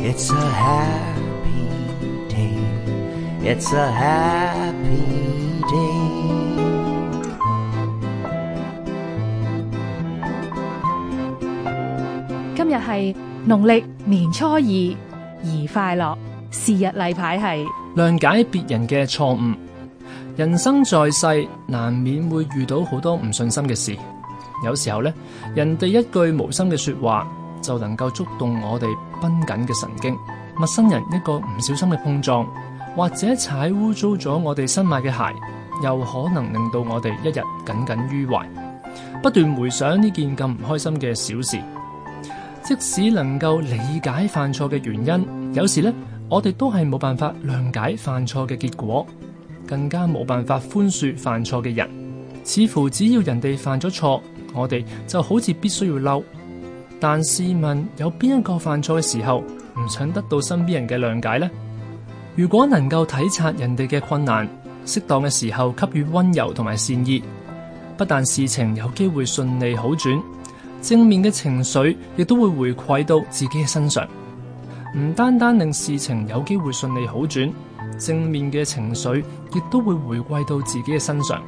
It's a happy day. It's a happy day. 今日係農曆年初二，宜快樂。是日例牌係諒解別人嘅錯誤。人生在世，難免會遇到好多唔順心嘅事。有時候呢，人哋一句無心嘅說話，就能夠觸動我哋繃緊嘅神經。陌生人一個唔小心嘅碰撞，或者踩污糟咗我哋新買嘅鞋，又可能令到我哋一日耿耿於懷，不斷回想呢件咁唔開心嘅小事。即使能夠理解犯錯嘅原因，有時呢，我哋都係冇辦法諒解犯錯嘅結果，更加冇辦法寬恕犯錯嘅人。似乎只要人哋犯咗錯，我哋就好似必須要嬲。但試問，有邊一個犯錯嘅時候唔想得到身邊人嘅諒解呢？如果能夠體察人哋嘅困難，適當嘅時候給予溫柔同埋善意，不但事情有機會順利好轉，正面嘅情緒亦都會回饋到自己嘅身上。唔單單令事情有機會順利好轉，正面嘅情緒亦都會回饋到自己嘅身上。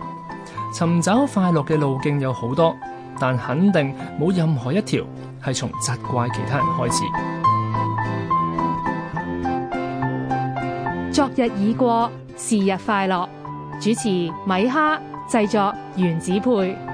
尋找快樂嘅路徑有好多。但肯定冇任何一條係從責怪其他人開始。昨日已過，是日快樂。主持米哈，製作原子配。